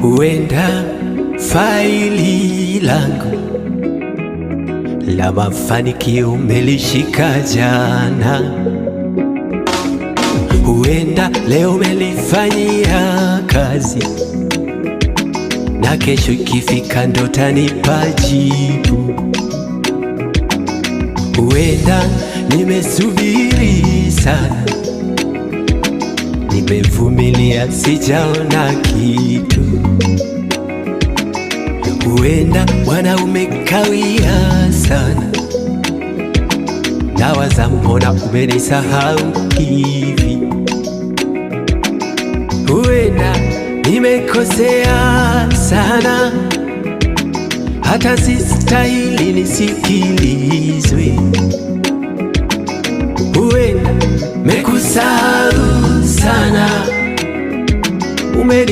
huenda faili langu la mafanikio umelishika jana, huenda leo umelifanyia kazi na kesho ikifika ndo tanipa jibu. Huenda nimesubiri sana nimevumilia, sijaona kitu. Huenda Bwana umekawia sana, nawaza mbona umenisahau hivi. Huenda nimekosea sana, hata sistahili nisikilizwe. Huenda mekusahau Umeri